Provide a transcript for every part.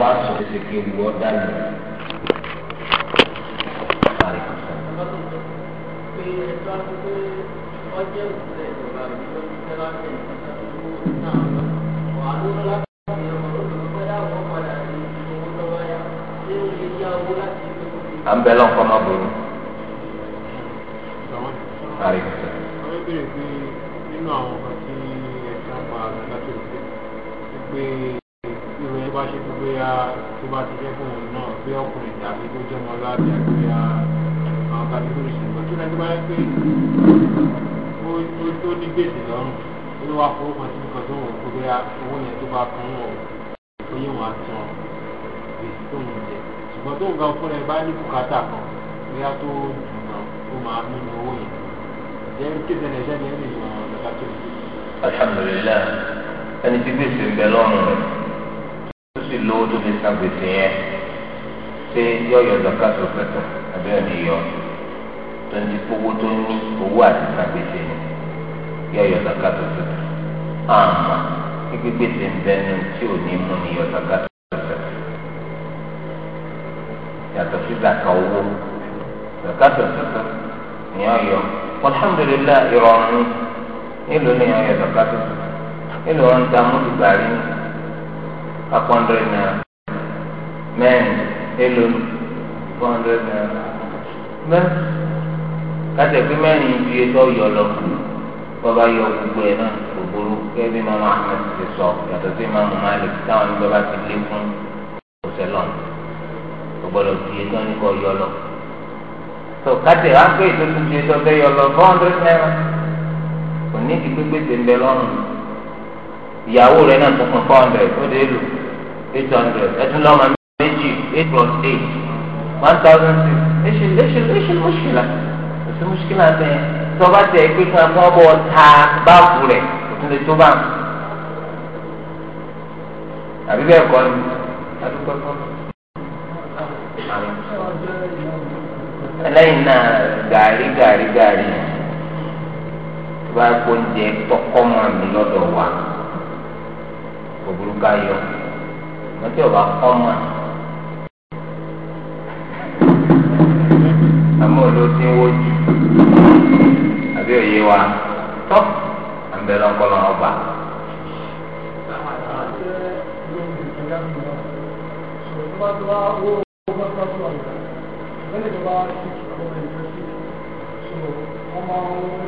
wá sọ pé ṣèké ìlú ọ̀dà nù. à ń bẹ lọ́nkọ́ náà bò tó bá ṣe kó bóyá tó bá ti jẹ́ fóun náà bí ọkùnrin tàbí tó jẹ́ ọmọ láti àgbéyà àwọn kàdúgbòrì ṣùgbọ́n tó lẹ́nu bá yẹ pé ó ní gbèsè lọ́rùn ó ló wá fowó kan síbi kan tó wọ̀ kó bóyá owó yẹn tó bá fún wọn ó yẹ wọn àtàn gbèsè tó ń jẹ ṣùgbọ́n tó ń ga fún ẹ bá ní bùkátà kan bóyá tó dùn náà ó máa mú ní owó yẹn jẹ́ kéde ẹ̀ ṣẹ́ni ẹ̀ lè yàn ọ́ lówó tó fi san gbèsè yẹn ṣé yọ̀yọ̀ zaka tó pẹ̀tọ̀ àbí ọ̀nà ìyọ̀ tó ń di owó tó ní owó àti san gbèsè ni yọ̀yọ̀ zaka tó pẹ̀tọ̀ àmà gbígbé gbèsè ń bẹnu tí ò ní mú ni yọ̀ zaka tó pẹ̀tọ̀ yàtọ̀ sí zaka owó zaka tó pẹ̀tọ̀ ni ọ̀yọ̀ alhamdulilayi ìrọ̀rùn nílùú ni ọ̀yọ̀ zaka tó pẹ̀tọ̀ nílùú ọ̀n four hundred naira mẹ́rin èlò four hundred naira mẹ́ kátẹ́ pé mẹ́rin ju ètò ọ̀yọ́ lọ bọ́ba yọ gbogbo ẹ̀ náà gbogbo kẹ́bí mọ́mọ́ ahmed ti sọ yàtọ̀ sí mọ́mọ́ malik táwọn ní bọ́ba ti lé fún òṣèlọ́n gbọ́dọ̀ ju ètò ọ̀nìkọ́ yọ lọ tó kátẹ́ wá pé ètò tó ju ètò ọ̀fẹ́ yọ lọ four hundred naira kò ní ti gbégbé tẹ̀ ń bẹ lọ́rùn ìyàwó rẹ̀ náà tó fún four hundred ó dé lò eight hundred ẹtún lọ́mọ méjì eight plus eight one thousand six eṣe eṣe eṣe mùṣkílà èṣe mùṣkílà bẹ́ẹ̀ tí wọ́n bá tẹ̀ pé kí wọ́n bọ́ ta báàbù rẹ̀ òtún lè tó báàmù àbí bẹ́ẹ̀ kọ́ ni adúgbò kọ́ ẹlẹ́yìn náà gàrí gàrí gàrí tó bá kó oúnjẹ tọkọ́ mọ́ mi wa kò burúkú ayọ̀ wọn tí ò bá kọ́ mọ́ ló ti ń wojú àbí òye wa tọ́ àbẹ̀lẹ̀ ọpọlọ ọba.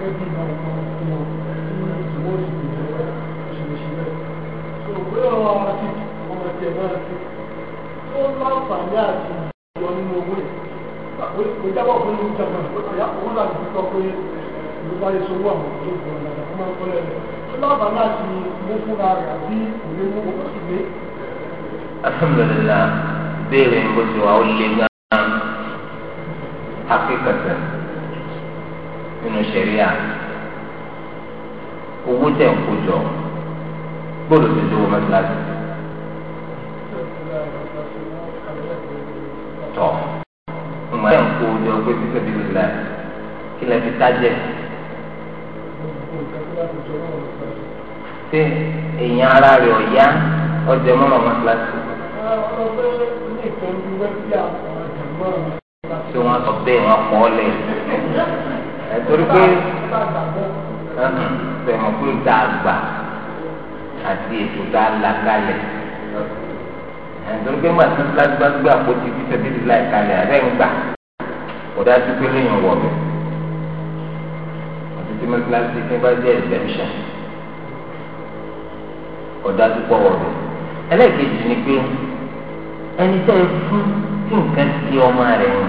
Thank you. láǹfààní àti ìjọ nínú owó ẹ̀ kò jábọ̀ fún ìlú ìjọba ìyá owó láti fi tọ́ pé ìlú bá yẹ sọ́wọ́ àwọn ìjọ ìjọ ìjọba tó máa ń kọ́lẹ̀ rẹ̀ tó láǹfààní àti mú fúnra rẹ̀ àbí ìwé mú owó sì lé. alhamdulilah béèrè bó ti wà ó lé gan-an akíkọ̀tà nínú sẹ̀ríà owó tẹ̀ ń kó jọ bóòlù tọ̀ ọmọ ẹ̀ ń kó o jọ pé títí ti lè kí lè fi tájẹ́. ṣé èèyàn ara rẹ̀ ọ̀yá ọjọ́ mọ́nà ọmọ kíláàsì. ṣé wọ́n sọ bẹ́ẹ̀ wọ́n pọ̀ ọ́ lẹ̀ ẹ̀ torí pé bẹ̀rẹ̀ mọ̀ pé dàgbà àti ètò tá a ẹ̀ńtọ́rí pé màá tún lágbàgbé àpótí fífẹ́ bíbí láì kalẹ̀ àrẹ́ ń gbà kó dájú pé lẹ́yìn wọ̀ bẹ̀. àti tí mẹ́tíláṣí fún bá jẹ́ exemption kó dájú pọ̀ wọ̀ bẹ̀. ẹlẹ́ẹ̀kejì ni pé ẹni tẹ́ ẹ fún kí nǹkan ti ọmọ rẹ̀ wọn.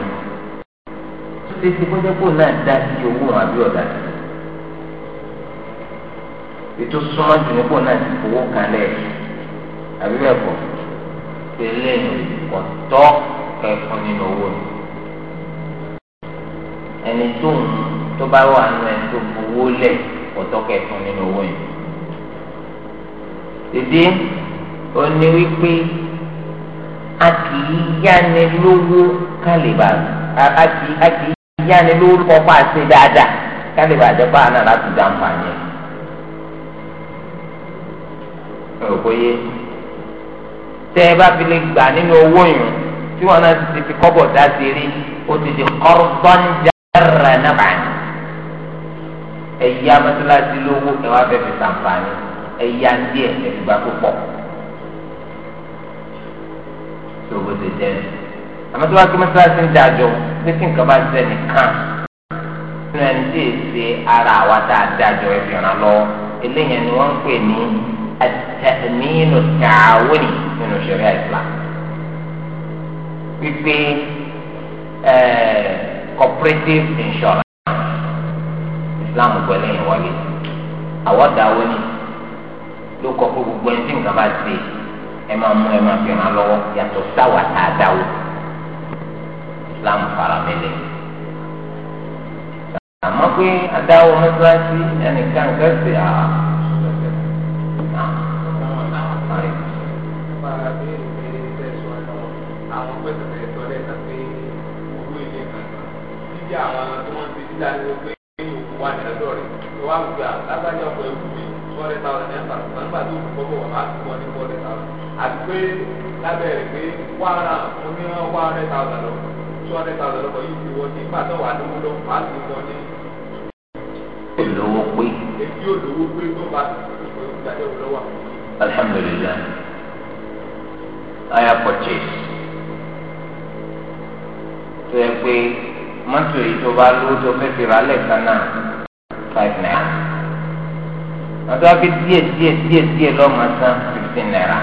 tó ṣe ti kọjá kó náà dá sí owó wọn àbí ọ̀dà sí. ètò súnmọ́ jù ní kó náà ti fowó kan àbí bẹ́ẹ̀ kọ́ tẹ́lẹ̀ kọtọ kẹfọn nínú owó ni ẹni tó ń tó bá wà nínú ẹni tó fowó lẹ kọtọ kẹfọn nínú owó yìí dèdè ó ní wípé a kì í yáni lówó kálíbà a kì í a kì í yáni lówó kọ́kọ́ àti dáadáa kálíbà àjẹpá náà láti dá nǹkan yẹn tẹ́ ẹ bá fi lè gbà nínú owó yìí tí wọn náà ti fi kọ́bọ̀ dá sí rí o ti di kọ́rọ́bọ́njára nàbà ẹ̀yà mọ́tíláṣí lówó ẹ̀ wá fẹ́ fi sàǹfààní ẹ̀yà díẹ̀ ẹ̀dùgbà púpọ̀ tó o ti jẹ́ àmọ́ tí wọ́n ń dájọ́ pé kí bá ṣe nìkan nínú ẹni tí èsì ara àwa tá a dájọ́ ẹ̀ lọ eléyìí ni wọ́n ń pè ní àtẹ̀mínú tààwọ́nì nínú ṣẹ̀ríà Islam wípé cooperative insurance Islam pẹ̀lú ìwọlé àwọ̀dà wo ni ló kọ́ pé gbogbo ẹni tí nǹkan bá ṣe ẹ máa mú ẹ máa fi ràn lọ́wọ́ yàtọ̀ sáwà tá a dáwọ́ Islam faramẹ́lẹ́ àmọ́ pé adáwọ̀ mẹ́tíláṣí ẹnìkan kẹ́sì àá. ta ni o pé wà ní lọ́dọ̀ rẹ̀ tó wà gbà lágbájá ọkọ̀ ewu mi fọ́ọ̀rẹ́ táwọn ẹ̀ ń bá wọn nígbà tó kọ́ bọ̀ wọ́n á tún wọn ní fọ́ọ̀rẹ́ táwọn àti pé lábẹ́rẹ̀ pé wàrà oní wàrẹ́ táwọn lọ fọ́ọ̀rẹ́ táwọn lọ́kọ̀ yìí ti wọ́n ní nígbà tó wà lówó lọ wà á tún wọn ní. olówó pé. èyí olówó pé tó bá ìgbàdé wọn lọ́wọ́. alhamdulilayi i have purchased. tó yẹ mọ́tò èyí tó bá lówó tó fẹ́ fi rálẹ̀ kan náà five naira mọ́tò wá pé díẹ̀ díẹ̀ díẹ̀ díẹ̀ lọ́mọ san fifteen naira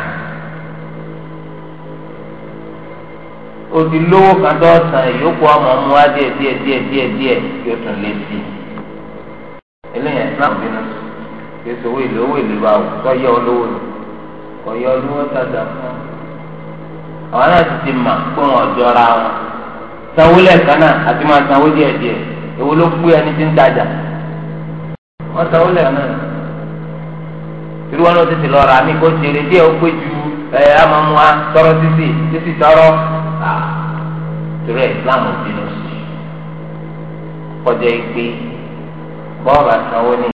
òdì lówó kan tó san ìyókù ọmọ mu wá díẹ̀ díẹ̀ díẹ̀ díẹ̀ díẹ̀ yóò tún lé sí i eléyìí islam bínú kí sọ wíìlì owó ìlú wa ò yẹ ọ lò kọ́ yẹ ọ lówó tàdà fún ọ àwọn náà ti mà kó wọn jọra wọn sanwó lẹ́ẹ̀kan náà àti máa sanwó díẹ̀ díẹ̀ èwo ló pé ẹni tí ń tajà wọ́n sanwó lẹ́ẹ̀kan náà irú wọn ló tètè lọ rà mí kó jèrè díẹ̀ ó pé ju ẹ amamuwa tọrọ títì títì tọrọ torí Islam ò bínú sí kọjá ìgbé bọ́ọ̀bà sanwó ní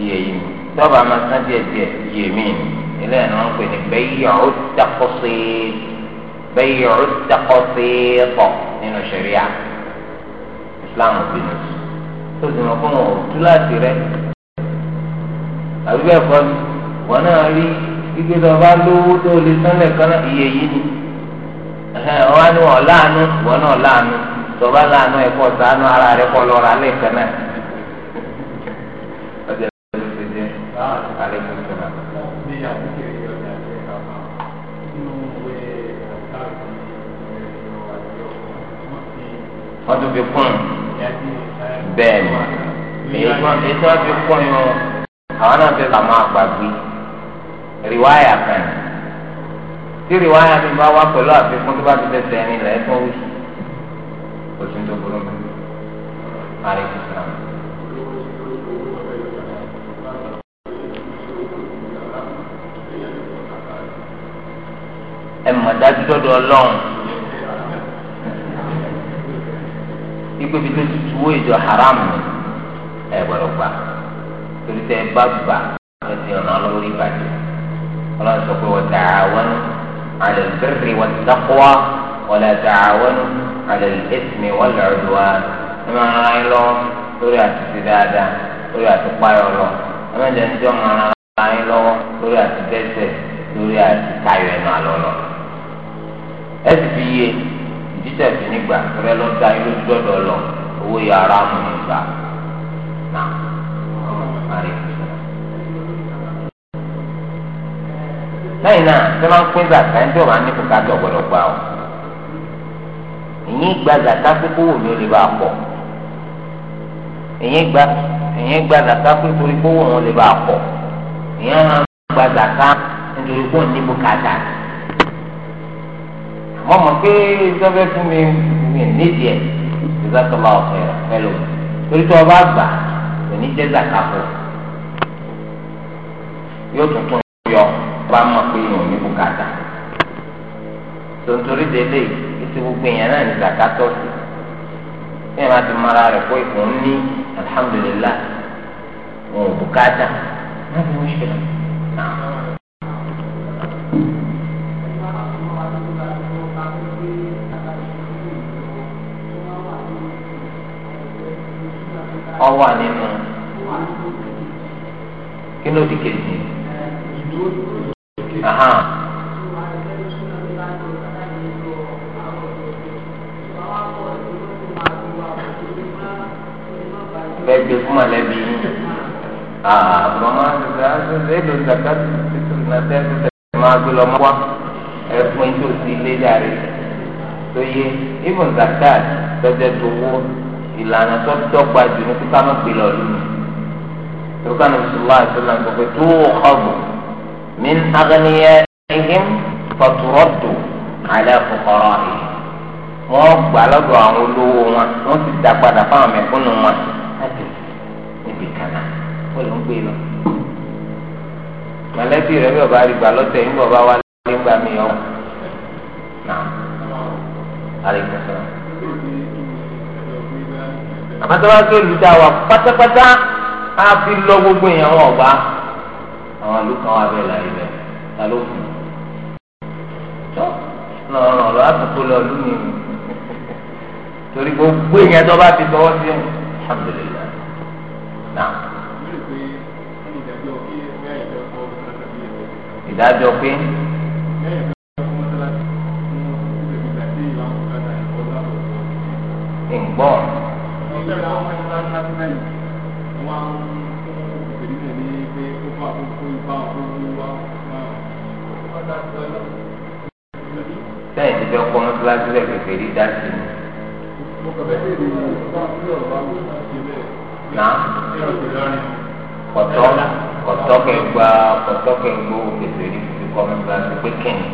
iye yìí tọ́ọ̀bà máa san díẹ̀ díẹ̀ iye míì eléyìí ni wọ́n pè ní bẹ́yìí ọ̀hún dàkọ́sí bẹ́ẹ̀ ọ̀rọ̀ dàkọ́ fẹ́ẹ́kọ̀ nínú ṣẹ̀ríà islam bínú tó sì mọ̀ fún wọn òtún láti rẹ àbí bẹ́ẹ̀ kọ́ wọn náà rí gbígbé tó bá lówó tó lè sánlẹ̀ kan náà iye yìí ni wọn á ní wọn láàánú wọn náà láàánú tó bá láàánú ẹ̀kọ́ sànú ara rẹ̀ kọ́ lọ́ra lẹ́ẹ̀kan náà. wọ́n tún fi kún bẹ́ẹ̀ ni èyí tí wọ́n fi kún yín àwọn náà fẹ́ kà máa gbàgbé rìwáyà kan tí rìwáyà mi bá wá pẹ̀lú àfikún tó bá ti tẹ̀sẹ̀ ẹni lẹ̀ fún oṣù oṣù tó burú mi parí kìsìlá. ẹ̀ mọ̀ dájú dọ́dọ̀ ọlọ́run. ikú fi tó tutù wó ìjọ haram ni ẹ gbọ́dọ̀ gbà torí tẹ bá gbà ẹ ti ọ̀nà lórí ìbàjẹ́ ọlọ́run sọ pé wọ́n ta'awanu 'ala al-birri wat-taqwa wa la ta'awanu 'ala al-ithmi wal-'udwan ẹ máa ń ra ẹ lọ lórí àtúntì dáadáa lórí àtúpáyọ lọ ẹ máa jẹ ní jọ́ máa ń ẹ lọ́wọ́ lórí àtúntẹ́sẹ̀ lórí àtúntayọ ẹ̀ máa lọ lọ. ẹ sì fi yé títẹ̀ sí nígbà rẹ lọ da ilé gbọ́dọ̀ lọ owó yàrá mu nígbà náà má rí i. lẹ́yìn náà tí wọ́n pín zàtà ẹni tí wọ́n máa ní kókà tó gbọ́dọ̀ gbà ọ́ ìyín gba zàtà kókó wò ló lè bá pọ̀ ìyín gba ìyín gba zàtà kókó wò ló lè bá pọ̀ ìyín máa gba zàtà nítorí kó ní kókà dàtà mo mọ̀ pé sọ́fẹ́ fún mi mi nídìí ẹ̀ ìzákọ̀lá ọ̀fẹ́ pẹ̀lú torí tí ọba àgbà kò ní jẹ́ zàkàfọ̀ yóò tuntun yọ bá mọ̀ pé yóò ní bùkátà tontori délé ètò gbogbo èèyàn náà ní zàkàtọ̀ sí bí ẹ̀ máa ti mara rẹ̀ pé kò ní alihamudulilayi wọn bùkátà wọn ti mú ìṣẹ̀lẹ̀ náà. wà nínú kí ló di kejì. bẹ́ẹ̀ gbé fún mọ̀lẹ́bí àbúrò máa ń sọ ẹ́ ló ń zàkà tuntun náà tẹ́lẹ̀ tẹ́lẹ̀ máa gbé lọ́mọ́ wá ẹ̀fún tó ti lé dàrí tó yẹ ibùn zàkà tọ́jà tó wó ìlànà tó dọ́gba jù ní kíkà má pè lọ lónìí tókàn bisimilá àtúnlá ń sọpé tó ọ̀bù mí ń aganiya ihim fàtúrọ̀dù alẹ́ fòkọrọ̀ yìí wọ́n gbà lọ́dọ̀ àwọn olówó wọn wọ́n ti dà padà fáwọn mẹ̀kúnnù wọn láti níbi kànáà ó lè ń gbé lọ. mọ̀lẹ́bí rẹ̀ bí ọba àrígbà lọ́tẹ̀ yìí ń bọ̀ bá wá àrígbà sọ̀rọ̀ àmọ́ tó bá tó lù dá wa pátápátá á fi lọ gbogbo èèyàn wọn ọ̀gbá àwọn àlùkàn wa bẹ́ẹ̀ láyé bẹ́ẹ̀ ta ló fún un. tó lọ́rọ̀ ọ̀rọ̀ àtúntò lọ lù mí torí gbogbo èèyàn tó bá ti tọwọ́ sí ẹ̀ alhamdulilayi náà. ìdájọ́ pé. ìgbọ́n sáfímẹ́ǹtì wọn fún ìpèníjà ní pé ó bá àkókò ìbá àkókò wá sẹ́yìn ti fẹ́ kọ́ mọ́tíláṣí rẹ̀ kẹfẹ́ rí dáṣì ni. náà kọ̀tọ́ kọ̀tọ́ kẹgbà kọ̀tọ́ kẹgbà owó kẹfẹ́ rí fi kọ́ mọ́tíláṣí pé kẹ́ni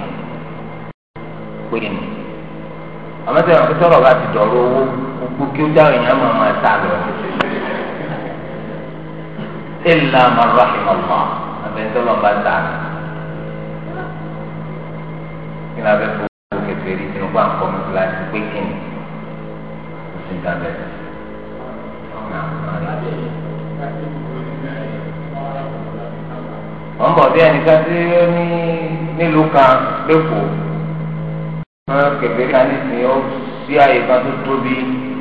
pé kẹ́ni. àmọ́ sẹ́yìn ọ̀kẹ́tọ̀rọ̀ bá ti dọ̀rọ̀ owó gbogbo kí ó dáhùn ìyá máa máa ta lọ illa man rahimallah abẹ́ntọ́lọ́ أبي dà ní. kí ni abẹ́ fún owó kẹfẹ́ rí tinubu àǹkọ́ mi kíláàsì pé kí ni kò sí nǹkan bẹ́ẹ̀. wọ́n bọ̀ bí ẹnìkan tí ó ní nílùú kan lẹ́kọ̀ọ́ wọn kẹfẹ́ rí kaní sí ó sí àyè kan tó tóbi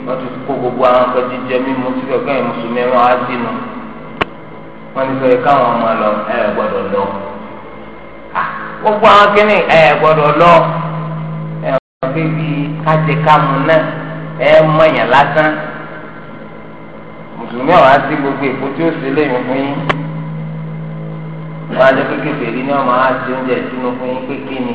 wọ́n ti kó gbogbo àwọn akẹ́kọ̀ọ́ jíjẹ mímu síbẹ̀ kẹ́hìn mùsùlùmí wọn á dínú. wọ́n ti sọ yẹ káwọn ọmọ lọ ẹ gbọ́dọ̀ lọ ah, gbogbo àwọn kìnnì ẹ gbọ́dọ̀ lọ ẹ wọ́n fi bí kájẹkámu náà ẹ lásán mùsùlùmí àwọn àti gbogbo èkó tí ó sì fún yín wọ́n á jẹ́ kékeré ní ọmọ àti oúnjẹ fún yín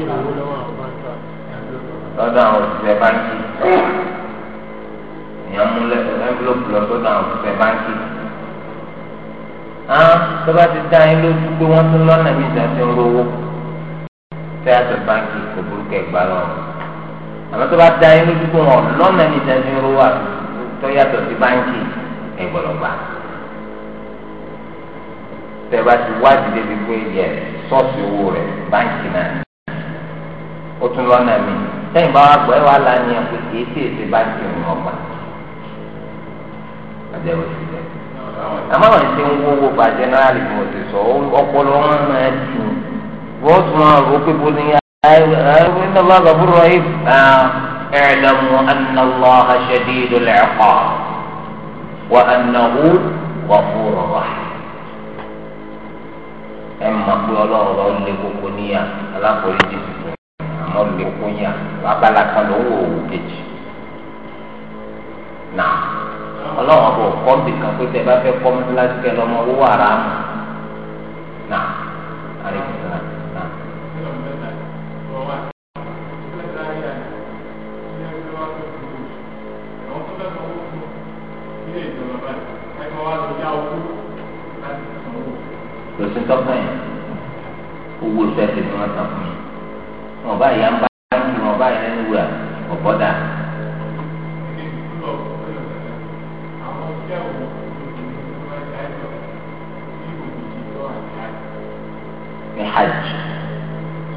lọ́dọ̀ àwọn òṣìṣẹ́ báńkì èèyàn mú ẹ́ńfílọ́pù lọ sọ́dọ̀ àwọn òṣìṣẹ́ báńkì. àwọn tó bá ti dá yín lójú pé wọ́n tún lọ́nà mí ìjà ti ń rówó tẹ́yàtọ̀ báńkì kò burúkú ẹ̀gbá lọ́rùn. àmọ́ tó bá dá yín lójú pé wọ́n lọ́nà mí ìjà ti ń rówó àtúntọ́yàtọ̀ sí báńkì ẹ̀gbọ̀lọ̀gbà. tẹ́ bá ti wádìí débi pé yẹ sọ́ọ̀sì owó rẹ̀ báńkì náà ó tún lọ́nà mi sẹ́yìn bá wà gbọ́ ẹ wà lánìí ẹ̀ pé kì í sì èsè bá ti rìn ọgbà ọjọ́ ìwé sílẹ̀ àmọ́ àwọn ìṣe ń wówó gba jẹ́nẹ́rálì bí mo ti sọ ọpọlọ wọn máa ti wọ́n tún wọn rò pé bó ni ẹ̀ẹ́dẹ́gbẹ́ni lọ́gàá búrọ̀ ẹ̀ ẹ̀ẹ́dẹ́mu anáwó aṣẹ́dí ìdólẹ̀ ẹ̀kọ́ wa anáwó wà fúrọ̀ wá ẹ̀ máa pé ọlọ́run lọ́ọ́ lé koko níyà alákòóyè ti tuntun ọ̀lẹ̀ kúnyà abala kan ló ń wò owó kejì nà ọlọ́run ọ̀bọ̀ kọ́ńbì kan pé tẹ́ bá fẹ́ kọ́ mọ́tíláṣí kẹ lọ́mọ owó ara mọ̀ nà àríkìsílá nà. lọ́sìn tọ́kàn yẹn owó sẹ́ẹ̀tì ni wọ́n tàn fún yìí wọn bá ìyá ń bá ń wọn bá ìyá ń wúra ọ̀bọ̀dà. ní hajj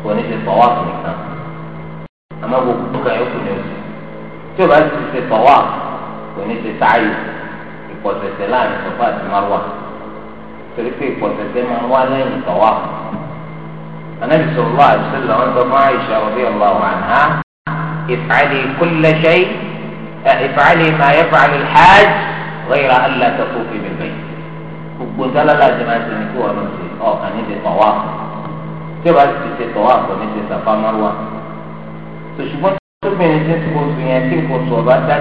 kò ní ṣe tọ́wáàfù nìkan àmọ́ gbogbo kan yóò kù ní oṣù tí o bá ti ṣe tọ́wáàfù kò ní ṣe sáàyè ìpọ̀sẹ̀sẹ̀ láàrin sọ́fà àti márùwà torí pé ìpọ̀sẹ̀sẹ̀ máa ń wá lẹ́yìn tọ́wáàfù. النبي صلى الله عليه وسلم أنت عائشة رضي الله عنها افعلي كل شيء افعلي ما يفعل الحاج غير أن لا تطوفي بالبيت gbogbo ńlá la jẹ máa ń sinmi kí wọn lọ sí ọkàn ní ti tọwá tí wọn sì ti tọwá kò ní ti sàfà márùwá tòṣùgbọ́n tóbìnrin tí ń tó oṣù yẹn tí nǹkan oṣù ọba dá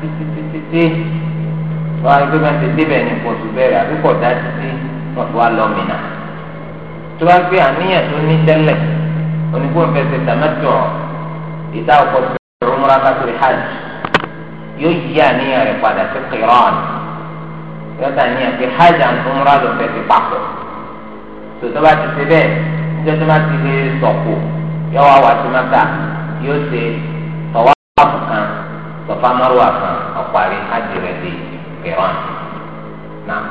títítítítí wọn á gbé máa ti débẹ̀ ní nǹkan oṣù bẹ̀rẹ̀ àbíkọ̀ dá títí wọn ti wá lọ mìíràn tó bá gbé àníyàn tó ní tẹ́lẹ̀ onígbò ń fẹsẹ̀ tàmẹ́tọ̀ ìta ọkọ̀ fẹ̀rẹ̀ ọmọra kátólì hajj yóò yí àníyàn rẹ̀ padà sí kìrọ́ọ̀n yóò tà níyàn pé hajj àti ọmọra ló fẹsẹ̀ papọ̀ tó tó bá ti ṣe bẹ́ẹ̀ níjọ́ tó bá ti lè sọ̀kò yóò wá wá sí mọ́tà yóò ṣe tọ́wọ́ àbùkàn tọ́fà márùwà kan ọ̀parí hajj rẹ̀ dé kìrọ́ọ̀n náà.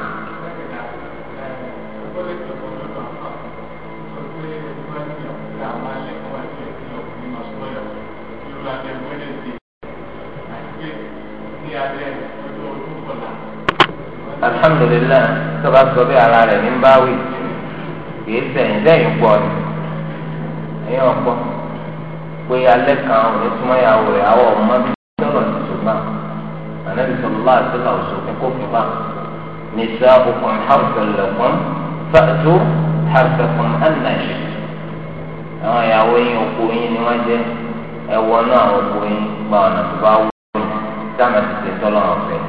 alhamdulilayi tọba sọ bí ara rẹ ní báwí kìí sẹ́yìn lẹ́yìn gbọ́ ni ẹ̀yìn ọ̀pọ̀ pé alẹ́ kan òní súnmọ́ ìyàwó rẹ̀ àwọ̀ ọmọ bí tọrọ ti ṣùgbọ́n ànábi sọlọ bá àtúnlá òṣòfin kó fi bá nìṣẹ okùn hàbùsọlẹkùn fàtó hàbùsọkùn ẹnìyàṣẹ àwọn ìyàwó yín òkú yín ni wọ́n jẹ́ ẹwọ náà òkú yín gba ọ̀nà tó bá wù táwọn ti ṣe tọ́lọ́ ọ̀fẹ́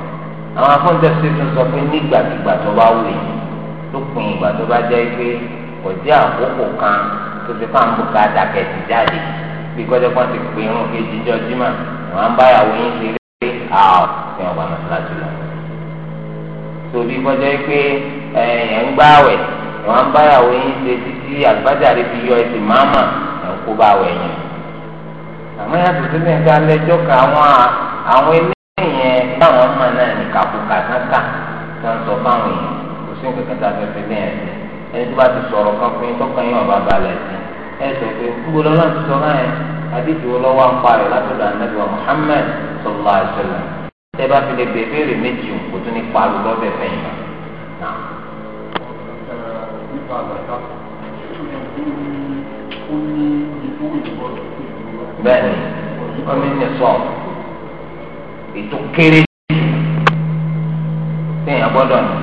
àwọn afọ́ńtẹ́sí tún sọ pé nígbàkigbà tó bá wù yìí lópin ìgbà tó bá jẹ́ pé kò jẹ́ àkókò kan tó ti fáwọn bùkà dàkẹ́tì jáde bí gbọ́dọ̀ kan ti pè irun kejì jọ jímà wọn á ń báyàwó yín ti rí pé àá fi hàn bàmà láti lọ. tòbí gbọ́dọ̀ pé ẹ̀yẹ̀ ń gbáwẹ̀ wọn á ń báyàwó yín ṣe títí àgbájáde fi yọ ẹsẹ̀ máàmà ẹ̀ ń kó báwẹ̀ yín. àmọ́ yàtọ̀ sílẹ̀ ń ga lẹ́jọ́ yẹn táwọn ọmọ náà ní kàkúkà kankan tó ń sọ fáwọn yẹn kò sí nǹkan kan tá a fẹ́ fi bẹ́ẹ̀ sí ẹni tó bá ti sọ̀rọ̀ kan fún yín tọ́kàn yín ọba balẹ̀ sí ẹ sọ pé gbogbo lọ́la ti sọ náà yẹn àdéjì wo lọ́wọ́ ń parẹ́ látọ̀dọ̀ anabi wa Muhammad sọlá ìṣẹ̀lẹ̀ tẹ bá fi lè bèbèrè méjì kò tún ní palu lọ́bẹ̀ fẹ́yìn náà. nípa àgbàdá ó ní ìfowópamọ́ ètò kéré téèyàn gbọ́dọ̀ ní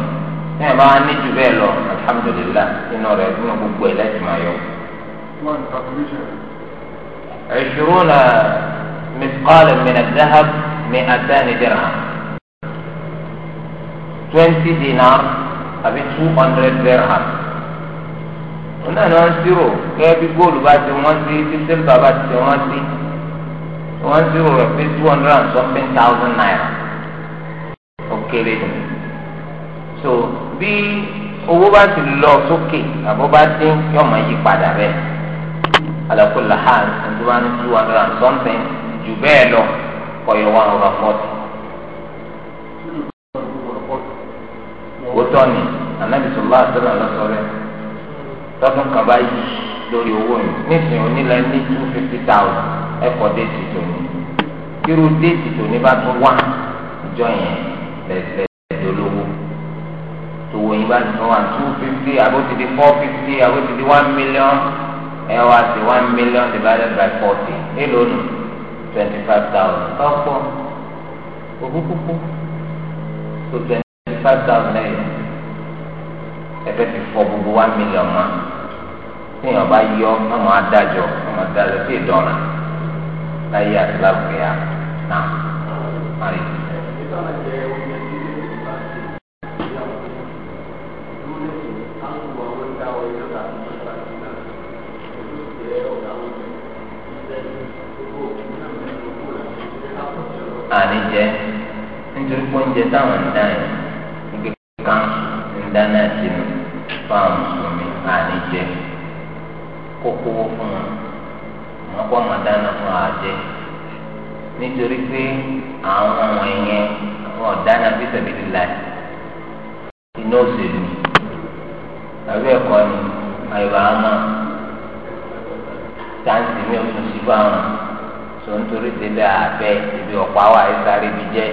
téèyàn bá ní jù bẹ́ẹ̀ lọ alhamdulilah inú rẹ̀ nínú gbogbo ẹ̀ láti máa yọ. عشرون مثقالا من الذهب مئتان درهم 20 دينار àbí two hundred dirham wọn náà ní wọn ṣírò kẹ́ẹ́ bí góòlù بعد ti wọ́n wọ́n ti rọ̀ pé two hundred and something thousand naira ó kéré jù so bí owó bá ti lọ sókè àbọ̀ bá dín yóò máa yí padà bẹ́ẹ̀ alakola ha ẹni ní two hundred and something jù bẹ́ẹ̀ lọ kọyọ one over forty. wótọ́ ni anabi sọlá àtọ́lá lọ́sọ̀rẹ́ tọ́dún kan bá yí lórí owó yìí nísìnyí onílẹ̀ ní two fifty thousand ẹ̀kọ́ dé ti tó ní irú déètì tó ní bá tún wá ìjọ yẹn lẹ́sẹ̀ ìdólówó tó wọ yín bá tún wá two fifty àbó ti di four fifty àbó ti di one million ẹ wá sí one million divided by forty nílò nù twenty five thousand ọ̀pọ̀ òkú tó twenty five thousand ẹ̀yọ ẹ fẹ́ fọ gbogbo one million mọ́ téèyàn bá yọ ọmọ adájọ́ ọmọ adájọ́ sí ìdánràn láyé àti láwùjọ náà parí. àní jẹ nítorí pé oúnjẹ táwọn ń dá yẹn nígbè kan ń dáná sínú fáwọn mùsùlùmí àní jẹ kókó fún wọn wọn kọ́ máa dáná fún àjẹ. nítorí pé àwọn ọmọ yẹn àwọn ọ̀daràn bísẹ̀bìlì láì iná òṣèlú àbí ẹ̀kọ́ ni àyùbá ama táǹtì ní oṣù síbá àwọn sọ nítorí tẹ́lẹ̀ àbẹ́ ibi ọ̀pá wa ẹ̀ sáré bi jẹ́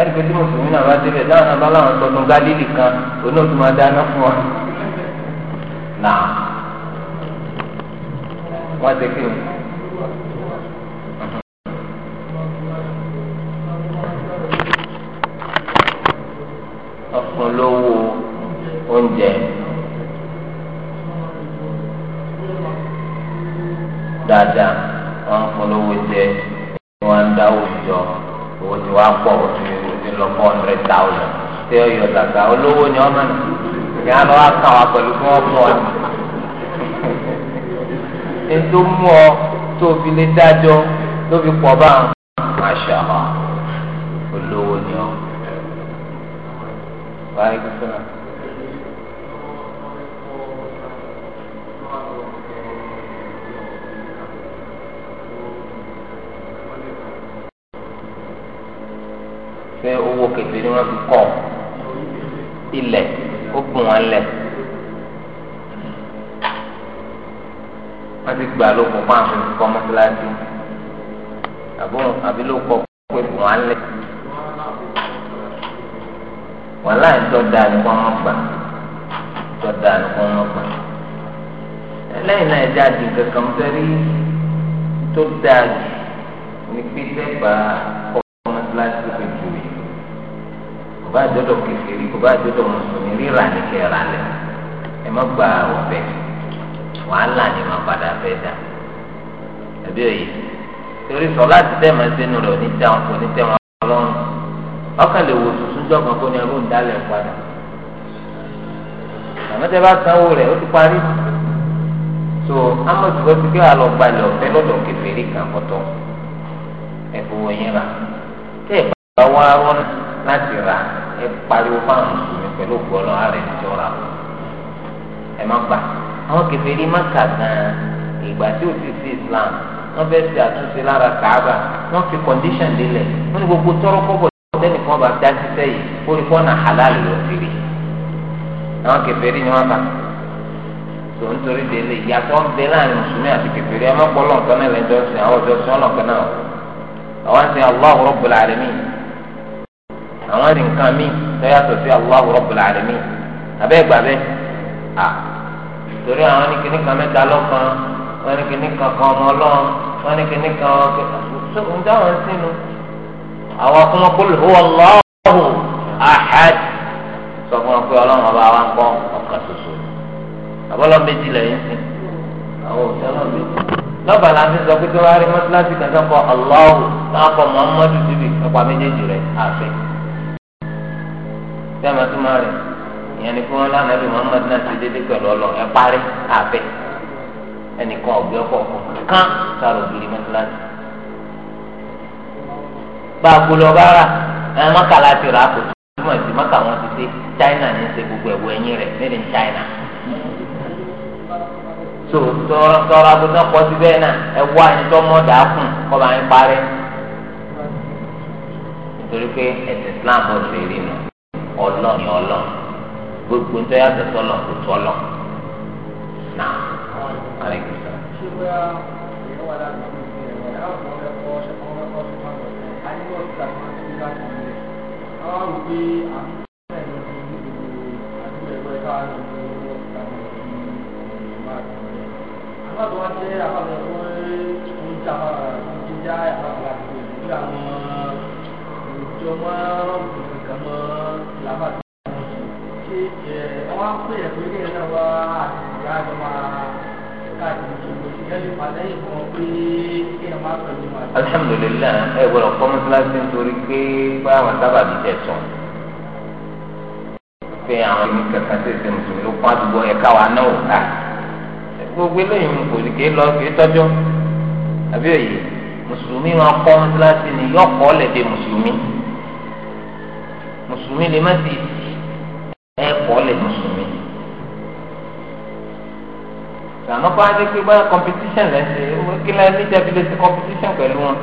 ẹ̀rí pé tí náà bá débẹ̀ dáhùn gálílì kan dáná fún wa. náà wọ́n ti kí ni. ọkùnrin lówó oúnjẹ. dáadáa wọn ń polówó jẹ wọn ń dáwó jọ owó tí wàá pọ̀ ó ti ó ti lọ four hundred thousand ṣé ọyọ dàgbà olówó ni ọmọ nìkan lọ́wọ́ wá pẹ̀lú kí wọ́n fún ọ ní ètò mú ọ tó fi lè dájọ́ ló fi pọ̀ bá àwọn. Masha Allah olówó ni ọ. Báyìí kò sọ̀rọ̀. pé owó kékeré wọn fi kọ ilẹ̀ ó gùn wọn lẹ̀. wọ́n ti gbà lóko fún àwọn olùkọ́ mọ́tíláṣí àbó àbí ló kọ́ pé fún wa lẹ̀. wọ́n láì tọ́ da nǹkan wọn gbà tọ́ da nǹkan wọn gbà. lẹ́yìn náà ẹja di kankan sẹ́rí tó dáa jù ní pété bá kọ́ mọ́tíláṣí fi tù yìí. kò bá àjọdọ̀ kẹfìrí kò mùsùlùmí ríra ní kẹ́ra lẹ̀ ẹ má gba ọ̀bẹ wàhálà ni màá padà fẹ́ dà ẹbí òye torí sọ láti tẹ́ màá sínú rẹ̀ òní tẹ́ wọn kò ní tẹ́ wọn lọ́rùn ọkàn lè wò tuntun jọ̀gbọ́n kó ní ẹrú ń dálẹ̀ padà àmọ́ tẹ́ bá sanwó rẹ̀ ó ti parí so amọ̀tìkọ́ ti gbé àlọ́ gbalẹ̀ ọ̀fẹ́ lọ́dọ̀ kẹfẹ́rí kan kọ́tọ́ ẹ̀fọ́ wọ̀nyẹn rà tẹ́ ẹ̀ bá wá rọ́n láti rà ẹ̀ pariwo fáwọn mùsùlùmí pẹ̀lú ògbọ́n lọ́wọ́ rẹ̀ níjọ́ ẹ̀ má gbà. àwọn kèfèrí maka gan ìgbà tí ó ti sí Islam wọ́n si fi àtúnṣe lára Kàábà wọ́n fi kọndíṣàn lélẹ̀ wọ́n ní gbogbo tọrọ kọ́bọ̀ tẹnì kan bá dá sísẹ yìí orí kọ́nà halal lọ sí rí àwọn kèfèrí ni wọ́n kà tó ń torí délé ìyàtọ̀ ń bẹ láàrin mùsùlùmí àti kèfèrí ẹ má náà sí torí àwọn ní kíní kan mẹ́ta lọ́kan wọ́n ní kíní kan kan ọmọ ọlọ́run wọ́n ní kíní kan ọ̀kẹ́ ń dáhùn sínú. àwọn ọkùnrin kò lè huwa Allahu ahad sọ fún wọn pé ọlọ́run ọba wa ń bọ́ ọ̀kan ṣoṣo àbọ̀lọ́ méjì lẹ́yìn sí àwọn òṣèlú ọlọ́run méjì lọ́ba la fi sọ pé tí wọ́n á rí mọ́tíláṣí kan sọ́kọ̀ Allahu náà kọ́ Muhammadu síbi nípa ẹni kí wọn lánàá bí muhammed náà ti dédé pẹ̀lú ọlọ ẹ parí àbẹ ẹnìkan ọgbẹ ọkọ kan sáré ògiri mẹsàlásì bá a gbolo ọba rà ẹ mọ́kàlá ti rà kò tó túmọ̀ sí mọ́kà wọn ti dé china ní ṣe gbogbo ẹ̀wọ̀ ẹ̀yìn rẹ̀ made china so tọrọ tọrọ agbóná pọ̀ sí bẹ́ẹ̀ náà ẹ wá ẹni tó mọ̀ dàá kùn kọ́ bá yín parí nítorí pé ẹ̀sìn islam ọ̀sẹ̀ rí nu ọlọ́ọ̀ni ọlọ́ọ̀ gbogbo ń tẹ́yà tẹ̀sọ́ lọ kó tọ́ lọ. Nà táwọn sábàbí tẹ̀ sọ pé àwọn ẹni kankan tẹ̀ sẹ́ mùsùlùmí ló pọ́n àdúgbò ẹ̀ka wa náà wò ká gbogbo eléyìí kò ní kéé lọ kéé tọ́jú àbí òye mùsùlùmí wọn kọ́ mọ́sálásí ni yọ kọ́ lẹ́dẹ̀ mùsùlùmí mùsùlùmí lè má ti ẹ̀ kọ́ lẹ́dẹ̀ mùsùlùmí sànà bá dé pé bá competition lẹ́sẹ̀ kí lẹ́yìn níjà bí lè ṣe pẹ̀lú wọn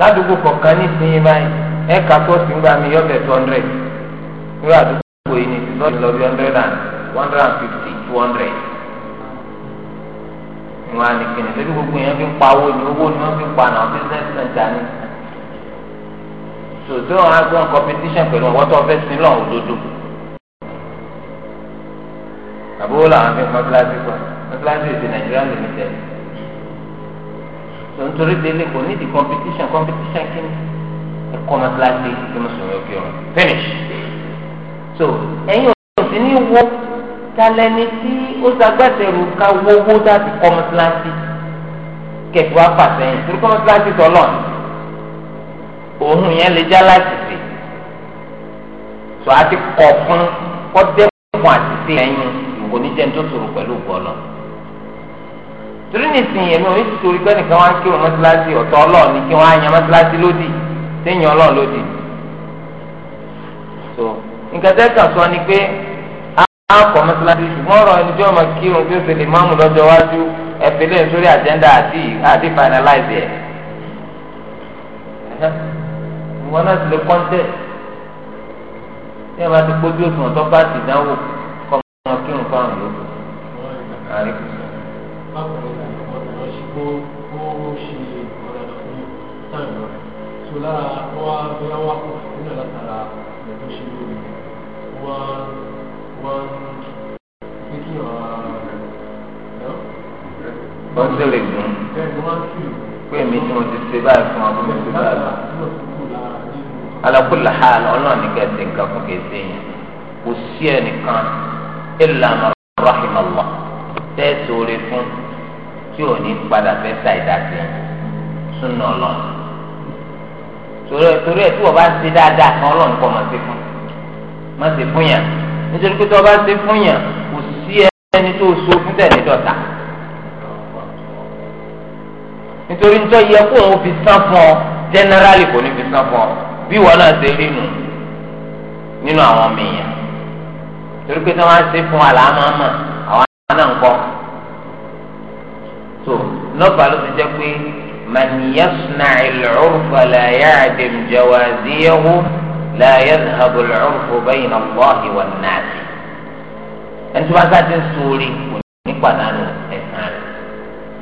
ládùúgbò kọ̀ọ̀kan ní ìsinyìí báyìí ẹ̀ka sọ́ọ̀sì ń gbà mí yọ bẹ̀ two hundred nínú àdúgbò yìí ní sọ́ọ̀sì lọ bí hundred and one hundred and fifty two hundred. ìwọ̀n ànìkìnnì lórí gbogbo yẹn fi ń pa owó ni owó ni wọ́n fi ń pa àwọn business center ni. sòtò wọn á gbọ́n competition pẹ̀lú ọwọ́ tó fẹ́ sí lọ́n òdodo. àbúrò làwọn fi ń pa kíláàsì pa kíláàsì ti Nàìjíríà lè ní nítorí délé kò ní di competition competition kí ni ẹ̀kọ́ mọ́tíláṣí kí mùsùlùmí ó kírun finish. so ẹ̀yin òsì ní wo talẹ́ni tí ó ṣagbátẹrù ká wọ́wọ́ láti kọ́ mọ́tíláṣí kẹ̀tù wá fàṣẹyìn torí kọ́ mọ́tíláṣí tọ́lọ̀ òun yẹn lè já láti sè so àti kọ̀ fún kọ́ dẹ́kun àti sè ẹ̀yin ìwò níjẹ́ ní tó sòrò pẹ̀lú gbọ́lọ́ torí nìsín èmi òní ti torí pé nìkan wá ń kírun mọ́tíláṣí ọ̀tọ̀ ọlọ́ọ̀ ni kí wọ́n á yan mọ́tíláṣí lódì téèyàn ọlọ́ọ̀ lódì. so nǹkan tẹ́ kàn sọ ni pé a kọ̀ mọ́tíláṣí ṣùgbọ́n ọ̀rọ̀ ẹni tí wọ́n máa kírun bí ó ṣe lè máàmù lọ́jọ́ wájú ẹ̀fẹ́lẹ́ sórí àjẹ́ndà àti àti finalize ẹ̀. ìwọ náà ti lè kọ́ńtẹ̀ tí ẹ bá ti kójú lè dùn pé mi tí mo ti ṣe báyìí fún ọdún mi ti báyìí. alákùlà ha ọlọ́run ní kẹsì nǹkan fún kẹsì yẹn kò sí ẹnìkan ìlànà rahimahullah tẹ́ẹ̀sì orí fún tí o ní padà fẹ́ ta ìdásí súnà ọlọ́run torí torí ẹ̀ tí wọ́n bá ṣe dáadáa kan ọlọ́run kọ́ máa ṣe fún máa ṣe fún yàn nítorí pé tí wọ́n bá ṣe fún yàn kò sí ẹni tó so fún tẹ̀lé dọ̀tà nítorí nítorí yẹ kó òun fi sán fún ọ jẹnẹrálì kò ní fi sán fún ọ bí wọn náà ṣe rí nù nínú àwọn mìíràn torí pé tí wọ́n ṣe fún wa làá máa mọ̀ àwọn náà ń kọ́ so nọ́ọ̀bà ló ti jẹ́ pé màníyàsùnà ìlọ́rùfà làyà àdèmjẹwà àdéyẹwò làyà àbò ìlọ́rùfà bẹ́yìn ọ̀pọ̀ ìwà nàásì. ẹni tí wọ́n sá ti ń sóore kò ní pàdánù ẹ̀sán rẹ̀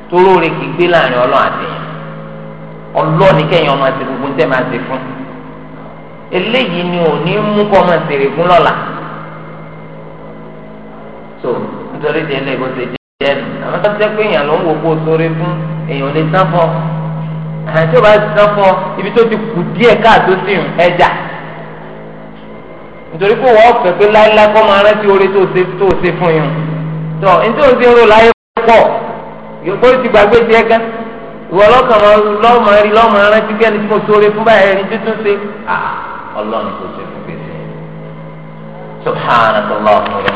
toró rẹ̀ kì í gbé láàrin ọlọ́run àtẹ̀yìn ọlọ́ọ̀ni kẹ́yìn ọmọ àti gbogbo tẹ́ máa ṣe fún eléyìí ni ò ní mú kọ́ ọmọ àtẹ̀rẹ̀ fún lọ́la. so nítorí délé bó jẹ àwọn tó jẹ pé èèyàn ló ń wo kó sórí fún èèyàn lè sán fọ àwọn tí ó bá sán fọ ibi tó ti kù díẹ̀ káàtó sí ẹjà nítorí pé wọ́n fẹ́ pé láéláé kọ́ máa rántí oore tó ṣe tó ṣe fún yín tó ní tó ń ti ń ro láyé pọ̀ yòókó ti gbàgbé tiẹ̀ gan ìwọ lọ́kàn lọ́mọ rí lọ́mọ rántí kẹ́ni tí mo sóore fún báyìí ẹni tó tún ṣe ah, ọlọ́run tó ṣe fún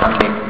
gbèsè